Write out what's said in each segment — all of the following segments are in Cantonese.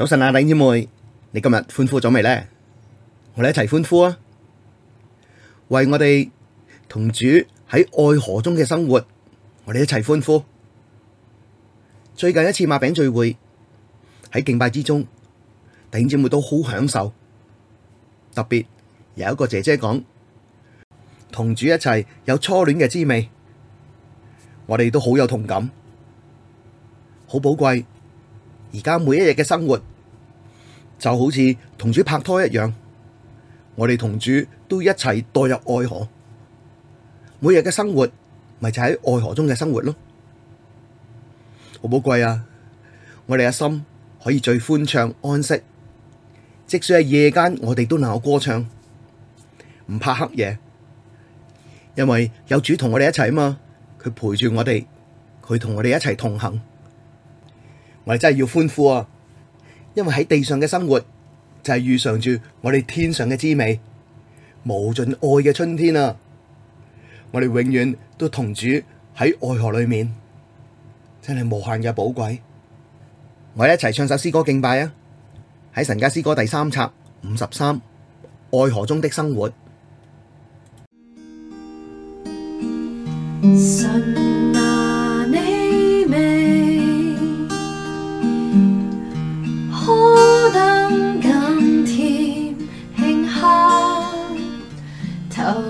早晨啊，弟兄姐妹，你今日歡呼咗未咧？我哋一齊歡呼啊！為我哋同主喺愛河中嘅生活，我哋一齊歡呼。最近一次馬餅聚會喺敬拜之中，弟兄姐妹都好享受。特別有一個姐姐講，同主一齊有初戀嘅滋味，我哋都好有同感，好寶貴。而家每一日嘅生活。就好似同主拍拖一樣，我哋同主都一齊墮入愛河，每日嘅生活咪就喺愛河中嘅生活咯，好寶貴啊！我哋嘅心可以最歡暢安息，即使係夜間，我哋都能夠歌唱，唔怕黑夜，因為有主同我哋一齊啊嘛，佢陪住我哋，佢同我哋一齊同行，我哋真係要歡呼啊！因為喺地上嘅生活就係遇上住我哋天上嘅滋味，無盡愛嘅春天啊！我哋永遠都同主喺愛河裏面，真係無限嘅寶貴。我哋一齊唱首詩歌敬拜啊！喺神家詩歌第三冊五十三《愛河中的生活》。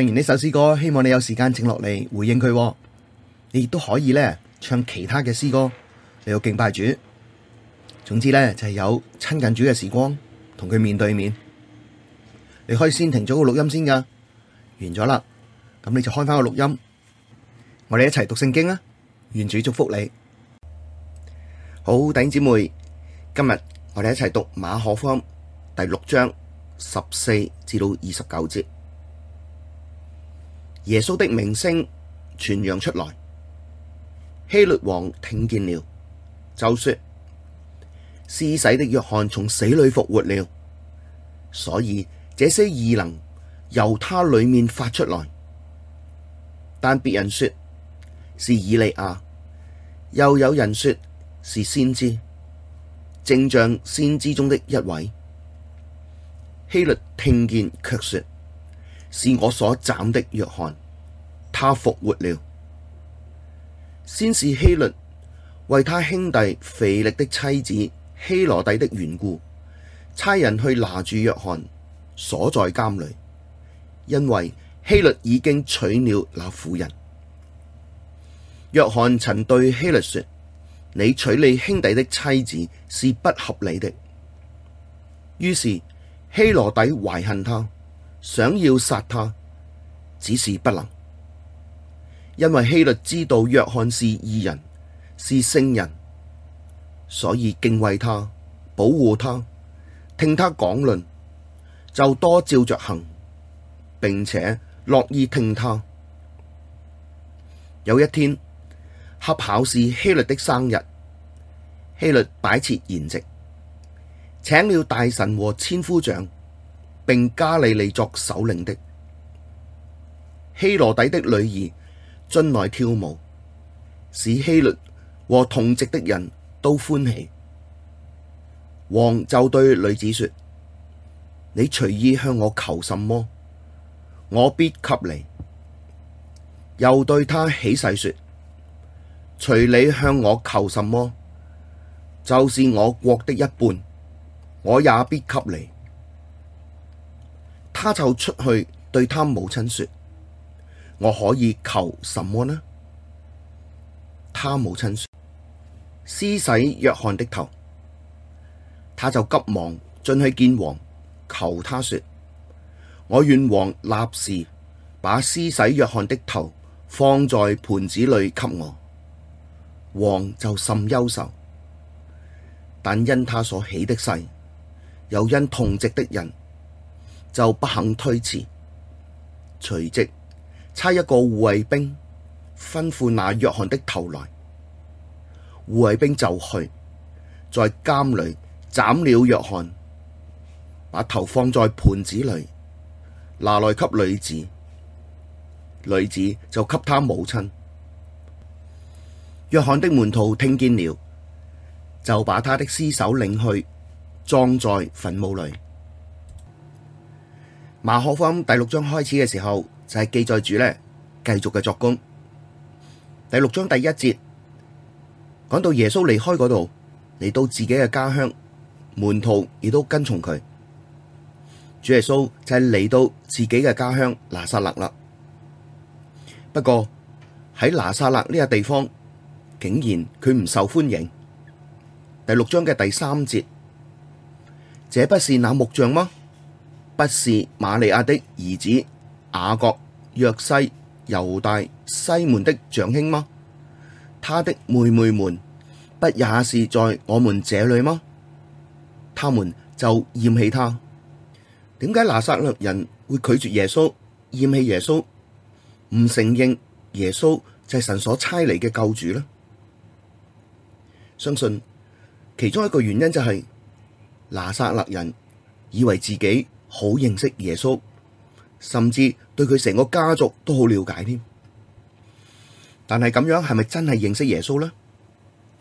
唱完呢首詩歌，希望你有時間靜落嚟，回應佢。你亦都可以咧唱其他嘅詩歌嚟到敬拜主。總之咧就係、是、有親近主嘅時光，同佢面對面。你可以先停咗個錄音先噶，完咗啦，咁你就開翻個錄音。我哋一齊讀聖經啊！願主祝福你。好，弟兄姐妹，今日我哋一齊讀馬可福音第六章十四至到二十九節。耶穌的名聲傳揚出來，希律王聽見了，就說：施洗的約翰從死裏復活了，所以這些異能由他裏面發出來。但別人說是以利亞，又有人說是先知，正像先知中的一位。希律聽見，卻說。是我所斬的約翰，他復活了。先是希律為他兄弟腓力的妻子希羅底的緣故，差人去拿住約翰，鎖在監裡，因為希律已經娶了那婦人。約翰曾對希律說：你娶你兄弟的妻子是不合理的。於是希羅底懷恨他。想要殺他，只是不能，因為希律知道約翰是義人，是聖人，所以敬畏他，保護他，聽他講論，就多照着行，並且樂意聽他。有一天，恰巧是希律的生日，希律擺設筵席，請了大臣和千夫長。並加利利作首領的。希羅底的女兒進來跳舞，使希律和同席的人都歡喜。王就對女子說：你隨意向我求什麼，我必給你。又對她起誓說：隨你向我求什麼，就是我國的一半，我也必給你。他就出去對他母親說：我可以求什麼呢？他母親說：施洗約翰的頭。他就急忙進去見王，求他說：我願王立時把施洗約翰的頭放在盤子裏給我。王就甚憂愁，但因他所起的誓，又因同席的人。就不肯推辭，隨即差一個護衛兵，吩咐拿約翰的頭來，護衛兵就去，在監裡斬了約翰，把頭放在盤子裡，拿來給女子，女子就給他母親。約翰的門徒聽見了，就把他的屍首領去，葬在墳墓裡。馬可福音第六章開始嘅時候就係、是、記載住咧，繼續嘅作工。第六章第一節講到耶穌離開嗰度嚟到自己嘅家鄉，門徒亦都跟從佢。主耶穌就係嚟到自己嘅家鄉拿撒勒啦。不過喺拿撒勒呢個地方，竟然佢唔受歡迎。第六章嘅第三節，這不是那木匠嗎？不是瑪利亞的兒子雅各、約西、猶大、西門的長兄嗎？他的妹妹們不也是在我們這裏嗎？他們就厭棄他。點解拿撒勒人會拒絕耶穌、厭棄耶穌、唔承認耶穌就係神所差嚟嘅救主呢？相信其中一個原因就係，是，拿撒勒人以為自己。好認識耶穌，甚至對佢成個家族都好了解添。但係咁樣係咪真係認識耶穌呢？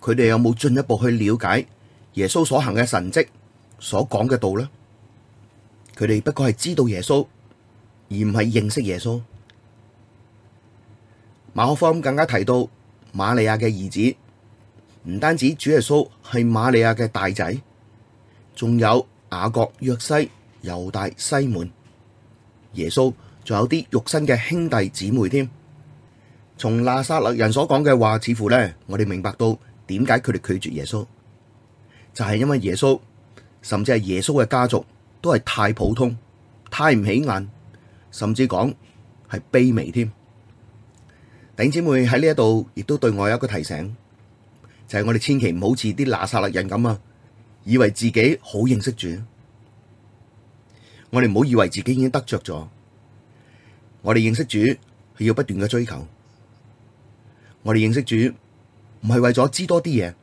佢哋有冇進一步去了解耶穌所行嘅神蹟、所講嘅道呢？佢哋不過係知道耶穌，而唔係認識耶穌。馬可方更加提到瑪利亞嘅兒子，唔單止主耶穌係瑪利亞嘅大仔，仲有雅各、約西。猶大、西門，耶穌仲有啲肉身嘅兄弟姊妹添。從拿撒勒人所講嘅話，似乎呢，我哋明白到點解佢哋拒絕耶穌，就係、是、因為耶穌，甚至係耶穌嘅家族，都係太普通、太唔起眼，甚至講係卑微添。頂姊妹喺呢一度，亦都對我有一個提醒，就係、是、我哋千祈唔好似啲拿撒勒人咁啊，以為自己好認識主。我哋唔好以為自己已經得着咗。我哋認識主係要不斷嘅追求。我哋認識主唔係為咗知多啲嘢，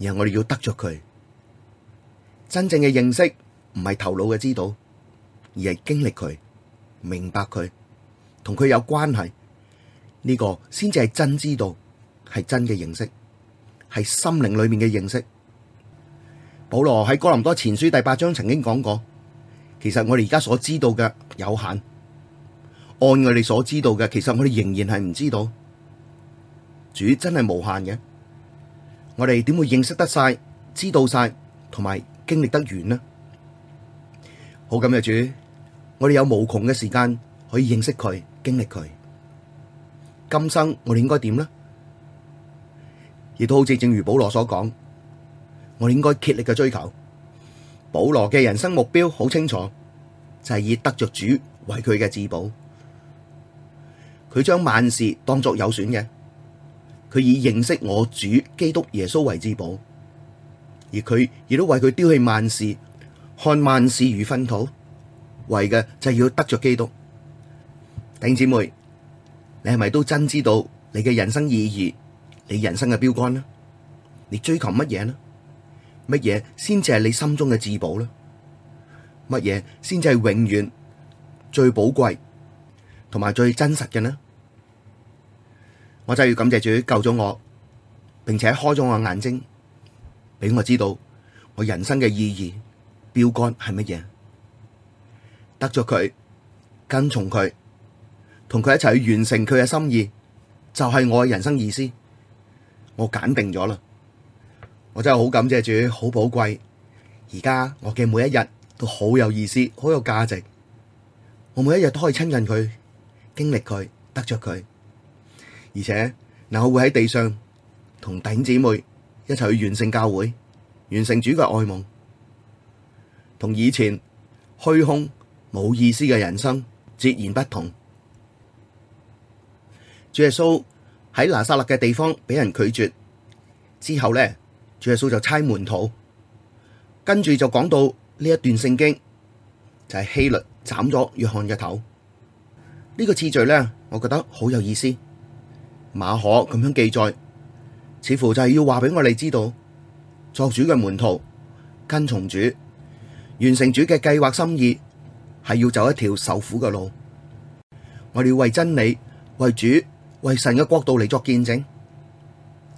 而係我哋要得着佢真正嘅認識，唔係頭腦嘅知道，而係經歷佢，明白佢，同佢有關係，呢個先至係真知道，係真嘅認識，係心靈裏面嘅認識。保羅喺哥林多前書第八章曾經講過。其實我哋而家所知道嘅有限，按我哋所知道嘅，其實我哋仍然係唔知道，主真係無限嘅，我哋點會認識得晒、知道晒同埋經歷得完呢？好咁嘅主，我哋有無窮嘅時間可以認識佢、經歷佢。今生我哋應該點呢？亦都好似正如保羅所講，我哋應該竭力嘅追求。保羅嘅人生目標好清楚，就係、是、以得着主為佢嘅至寶。佢將萬事當作有損嘅，佢以認識我主基督耶穌為至寶。而佢亦都為佢丟棄萬事，看萬事如糞土，為嘅就係要得着基督。弟兄姊妹，你係咪都真知道你嘅人生意義、你人生嘅標杆呢？你追求乜嘢呢？乜嘢先至係你心中嘅至寶咧？乜嘢先至係永遠最寶貴同埋最真實嘅呢？我就要感謝主救咗我，並且開咗我眼睛，俾我知道我人生嘅意義標杆係乜嘢，得咗佢，跟從佢，同佢一齊去完成佢嘅心意，就係、是、我嘅人生意思，我簡定咗啦。我真係好感謝主，好寶貴。而家我嘅每一日都好有意思，好有價值。我每一日都可以親近佢，經歷佢，得着佢。而且嗱，我會喺地上同弟兄姊妹一齊去完成教會，完成主嘅愛夢，同以前虛空冇意思嘅人生截然不同。主耶穌喺拿撒勒嘅地方俾人拒絕之後咧。主耶穌就差門徒，跟住就講到呢一段聖經，就係、是、希律斬咗約翰嘅頭。呢、這個次序呢，我覺得好有意思。馬可咁樣記載，似乎就係要話俾我哋知道，作主嘅門徒跟從主，完成主嘅計劃心意，係要走一條受苦嘅路。我哋要為真理、為主、為神嘅國度嚟作見證，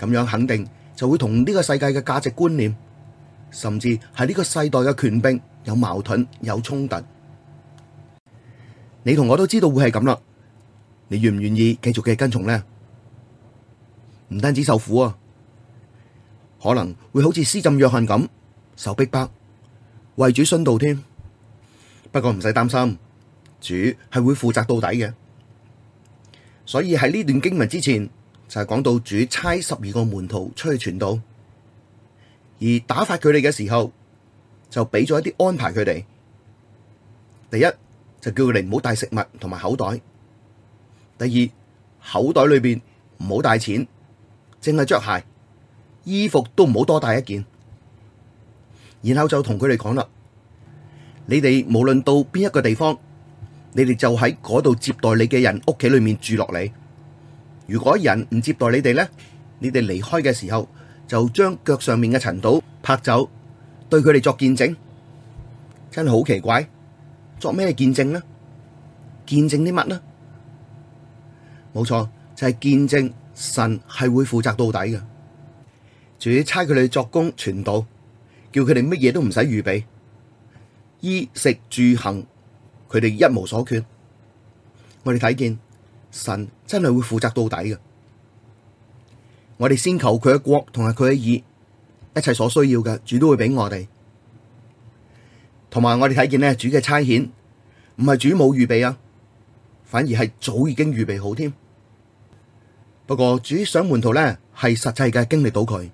咁樣肯定，就會同呢個世界嘅價值觀念，甚至係呢個世代嘅權柄有矛盾、有衝突。你同我都知道會係咁啦。你願唔願意繼續繼續跟從呢？唔單止受苦啊，可能會好似施浸約翰咁受逼迫，為主殉道添。不過唔使擔心，主係會負責到底嘅。所以喺呢段經文之前，就係講到主差十二個門徒出去傳道，而打發佢哋嘅時候，就俾咗一啲安排佢哋。第一就叫佢哋唔好帶食物同埋口袋。第二口袋裏邊唔好帶錢，淨係着鞋，衣服都唔好多帶一件。然後就同佢哋講啦：你哋無論到邊一個地方，你哋就喺嗰度接待你嘅人，屋企裏面住落嚟。如果人唔接待你哋咧，你哋離開嘅時候就將腳上面嘅塵土拍走，對佢哋作見證，真係好奇怪。作咩見證呢？見證啲乜呢？冇錯，就係、是、見證神係會負責到底嘅，仲要差佢哋作工傳道，叫佢哋乜嘢都唔使預備，衣食住行，佢哋一無所缺。我哋睇見。神真係會負責到底嘅。我哋先求佢嘅國同埋佢嘅義，一切所需要嘅主都會俾我哋。同埋我哋睇見咧，主嘅差遣唔係主冇預備啊，反而係早已經預備好添。不過主想門徒咧係實際嘅經歷到佢，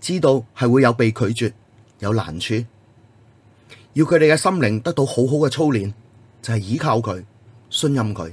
知道係會有被拒絕、有難處，要佢哋嘅心靈得到好好嘅操練，就係依靠佢，信任佢。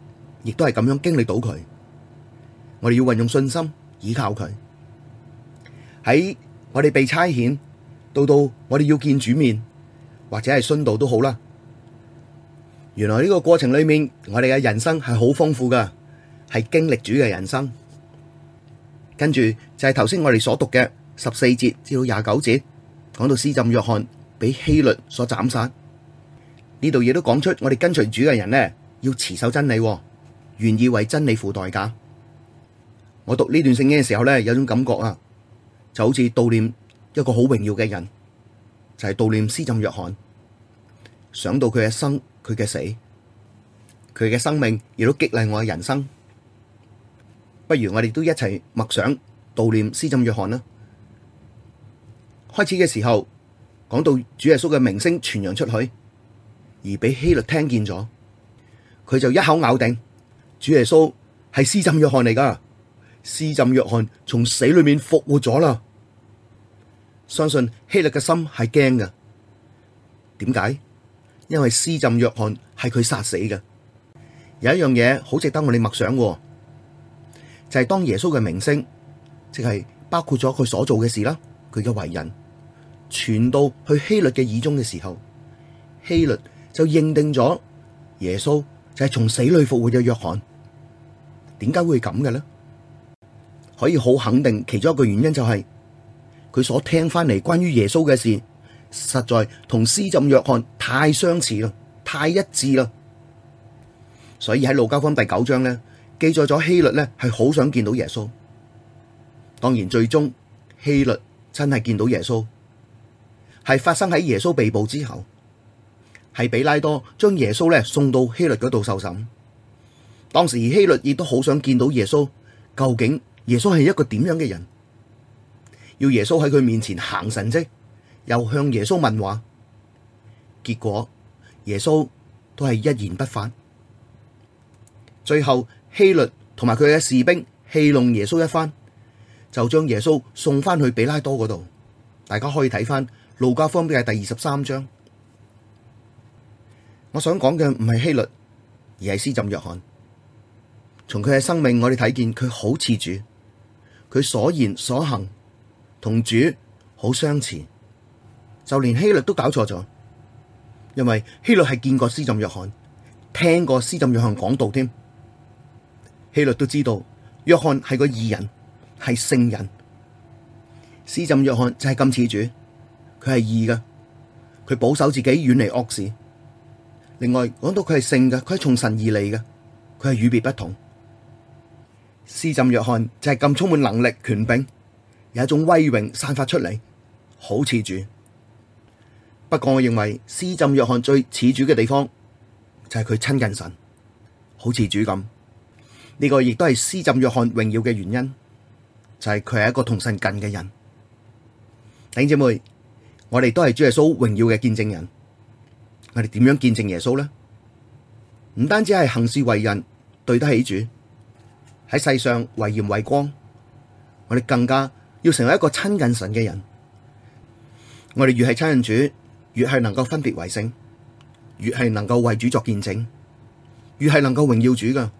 亦都係咁樣經歷到佢，我哋要運用信心依靠佢。喺我哋被差遣，到到我哋要見主面，或者係殉道都好啦。原來呢個過程裏面，我哋嘅人生係好豐富噶，係經歷主嘅人生。跟住就係頭先我哋所讀嘅十四節至到廿九節，講到施浸約翰俾希律所斬殺呢度嘢都講出，我哋跟隨主嘅人呢，要持守真理啊。願意為真理付代價。我讀呢段聖經嘅時候咧，有種感覺啊，就好似悼念一個好榮耀嘅人，就係悼念施浸約翰。想到佢嘅生、佢嘅死、佢嘅生命，亦都激勵我嘅人生。不如我哋都一齊默想悼念施浸約翰啦。開始嘅時候，講到主耶穌嘅名聲傳揚出去，而俾希律聽見咗，佢就一口咬定。主耶穌係施浸約翰嚟噶施浸約翰從死裡面復活咗啦。相信希律嘅心係驚噶點解？因為施浸約翰係佢殺死嘅。有一樣嘢好值得我哋默想，就係當耶穌嘅名聲，即係包括咗佢所做嘅事啦，佢嘅為人，傳到去希律嘅耳中嘅時候，希律就認定咗耶穌就係從死裡復活嘅約翰。點解會咁嘅咧？可以好肯定，其中一個原因就係佢所聽翻嚟關於耶穌嘅事，實在同施浸約翰太相似啦，太一致啦。所以喺路加福音第九章咧，記載咗希律咧係好想見到耶穌。當然，最終希律真係見到耶穌，係發生喺耶穌被捕之後，係比拉多將耶穌咧送到希律嗰度受審。當時希律亦都好想見到耶穌，究竟耶穌係一個點樣嘅人？要耶穌喺佢面前行神跡，又向耶穌問話，結果耶穌都係一言不發。最後希律同埋佢嘅士兵戲弄耶穌一番，就將耶穌送翻去比拉多嗰度。大家可以睇翻路加福音嘅第二十三章。我想講嘅唔係希律，而係施浸約翰。從佢嘅生命，我哋睇見佢好似主，佢所言所行同主好相似，就連希律都搞錯咗，因為希律係見過施浸約翰，聽過施浸約翰講道，添希律都知道約翰係個義人，係聖人，施浸約翰就係咁似主，佢係義㗎，佢保守自己，遠離惡事。另外講到佢係聖嘅，佢係從神而嚟嘅，佢係與別不同。施浸約翰就係咁充滿能力權柄，有一種威榮散發出嚟，好似主。不過我認為施浸約翰最似主嘅地方就係、是、佢親近神，好似主咁。呢、這個亦都係施浸約翰榮，榮耀嘅原因，就係佢係一個同神近嘅人。弟兄姐妹，我哋都係主耶穌榮耀嘅見證人。我哋點樣見證耶穌咧？唔單止係行事為人對得起主。喺世上為鹽為光，我哋更加要成為一個親近神嘅人。我哋越係親近主，越係能夠分別為聖，越係能夠為主作見證，越係能夠榮耀主噶。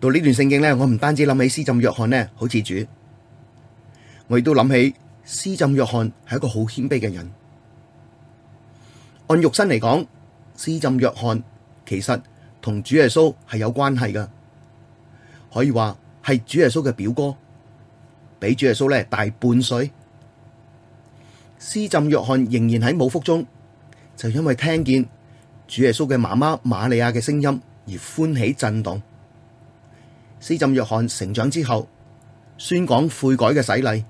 到呢段聖經呢，我唔單止諗起施浸約翰呢，好似主，我亦都諗起施浸約翰係一個好謙卑嘅人。按肉身嚟講，施浸約翰其實同主耶穌係有關係噶。可以話係主耶穌嘅表哥，比主耶穌咧大半歲。施浸約翰仍然喺冇福母腹中，就因為聽見主耶穌嘅媽媽瑪利亞嘅聲音而歡喜震動。施浸約翰成長之後，宣講悔改嘅洗禮，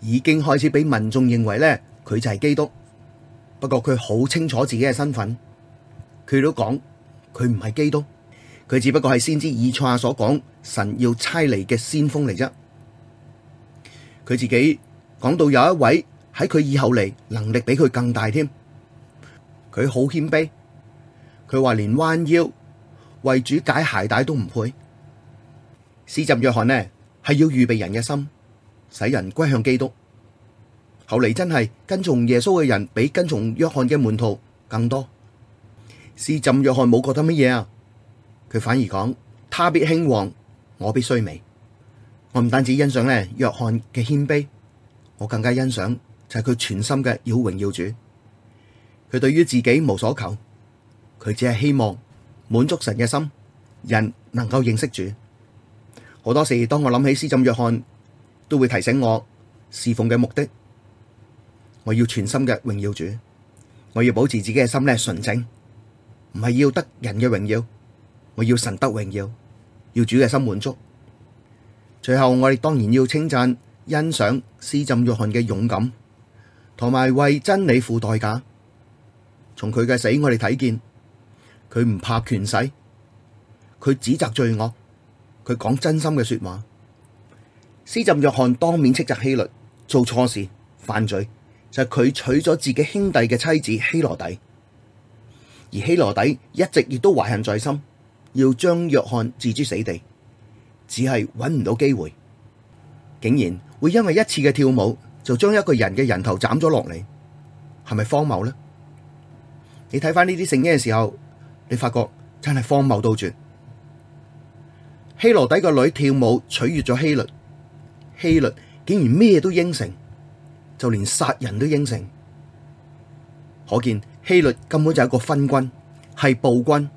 已經開始俾民眾認為咧佢就係基督。不過佢好清楚自己嘅身份，佢都講佢唔係基督。佢只不過係先知以賽亞所講，神要差嚟嘅先鋒嚟啫。佢自己講到有一位喺佢以後嚟，能力比佢更大添。佢好謙卑，佢話連彎腰為主解鞋帶都唔配。施浸約翰呢係要預備人嘅心，使人歸向基督。後嚟真係跟從耶穌嘅人比跟從約翰嘅門徒更多。施浸約翰冇覺得乜嘢啊？佢反而講，他必興旺，我必衰微。我唔單止欣賞咧，約翰嘅謙卑，我更加欣賞就係佢全心嘅要榮耀主。佢對於自己無所求，佢只係希望滿足神嘅心，人能夠認識主。好多時，當我諗起施浸約翰，都會提醒我侍奉嘅目的。我要全心嘅榮耀主，我要保持自己嘅心咧純淨，唔係要得人嘅榮耀。我要神德榮耀，要主嘅心滿足。最後我哋當然要稱讚欣賞施浸約翰嘅勇敢，同埋為真理付代價。從佢嘅死我，我哋睇見佢唔怕權勢，佢指責罪惡，佢講真心嘅說話。施浸約翰當面斥責希律做錯事犯罪，就係、是、佢娶咗自己兄弟嘅妻子希羅底，而希羅底一直亦都懷恨在心。要將約翰置之死地，只係搵唔到機會，竟然會因為一次嘅跳舞就將一個人嘅人頭斬咗落嚟，係咪荒謬呢？你睇翻呢啲聖經嘅時候，你發覺真係荒謬到絕。希羅底個女跳舞取悅咗希律，希律竟然咩都應承，就連殺人都應承，可見希律根本就係一個昏君，係暴君。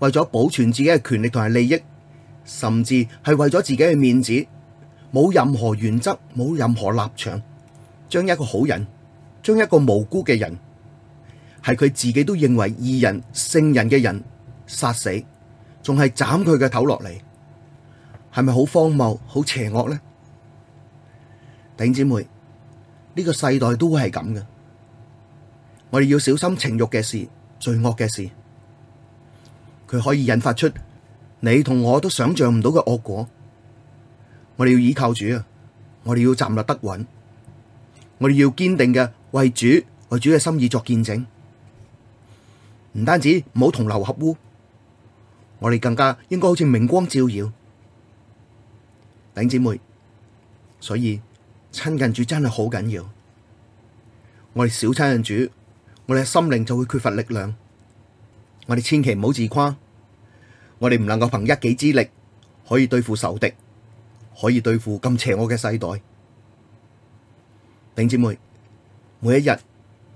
為咗保存自己嘅權力同埋利益，甚至係為咗自己嘅面子，冇任何原則，冇任何立場，將一個好人，將一個無辜嘅人，係佢自己都認為義人、聖人嘅人殺死，仲係斬佢嘅頭落嚟，係咪好荒謬、好邪惡呢？弟兄姊妹，呢個世代都會係咁嘅，我哋要小心情慾嘅事、罪惡嘅事。佢可以引發出你同我都想象唔到嘅惡果，我，我哋要倚靠主啊！我哋要站立得穩，我哋要堅定嘅為主，為主嘅心意作見證。唔單止唔好同流合污，我哋更加應該好似明光照耀，弟兄姊妹。所以親近主真係好緊要。我哋少親近主，我哋嘅心靈就會缺乏力量。我哋千祈唔好自誇，我哋唔能夠憑一己之力可以對付仇敵，可以對付咁邪惡嘅世代。弟兄姊妹，每一日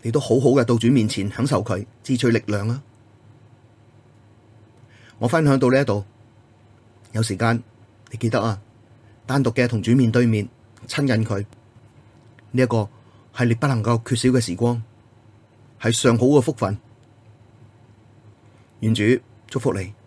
你都好好嘅到主面前享受佢，自取力量啦。我分享到呢一度，有時間你記得啊，單獨嘅同主面對面親近佢，呢一個係你不能夠缺少嘅時光，係上好嘅福分。願主祝福你。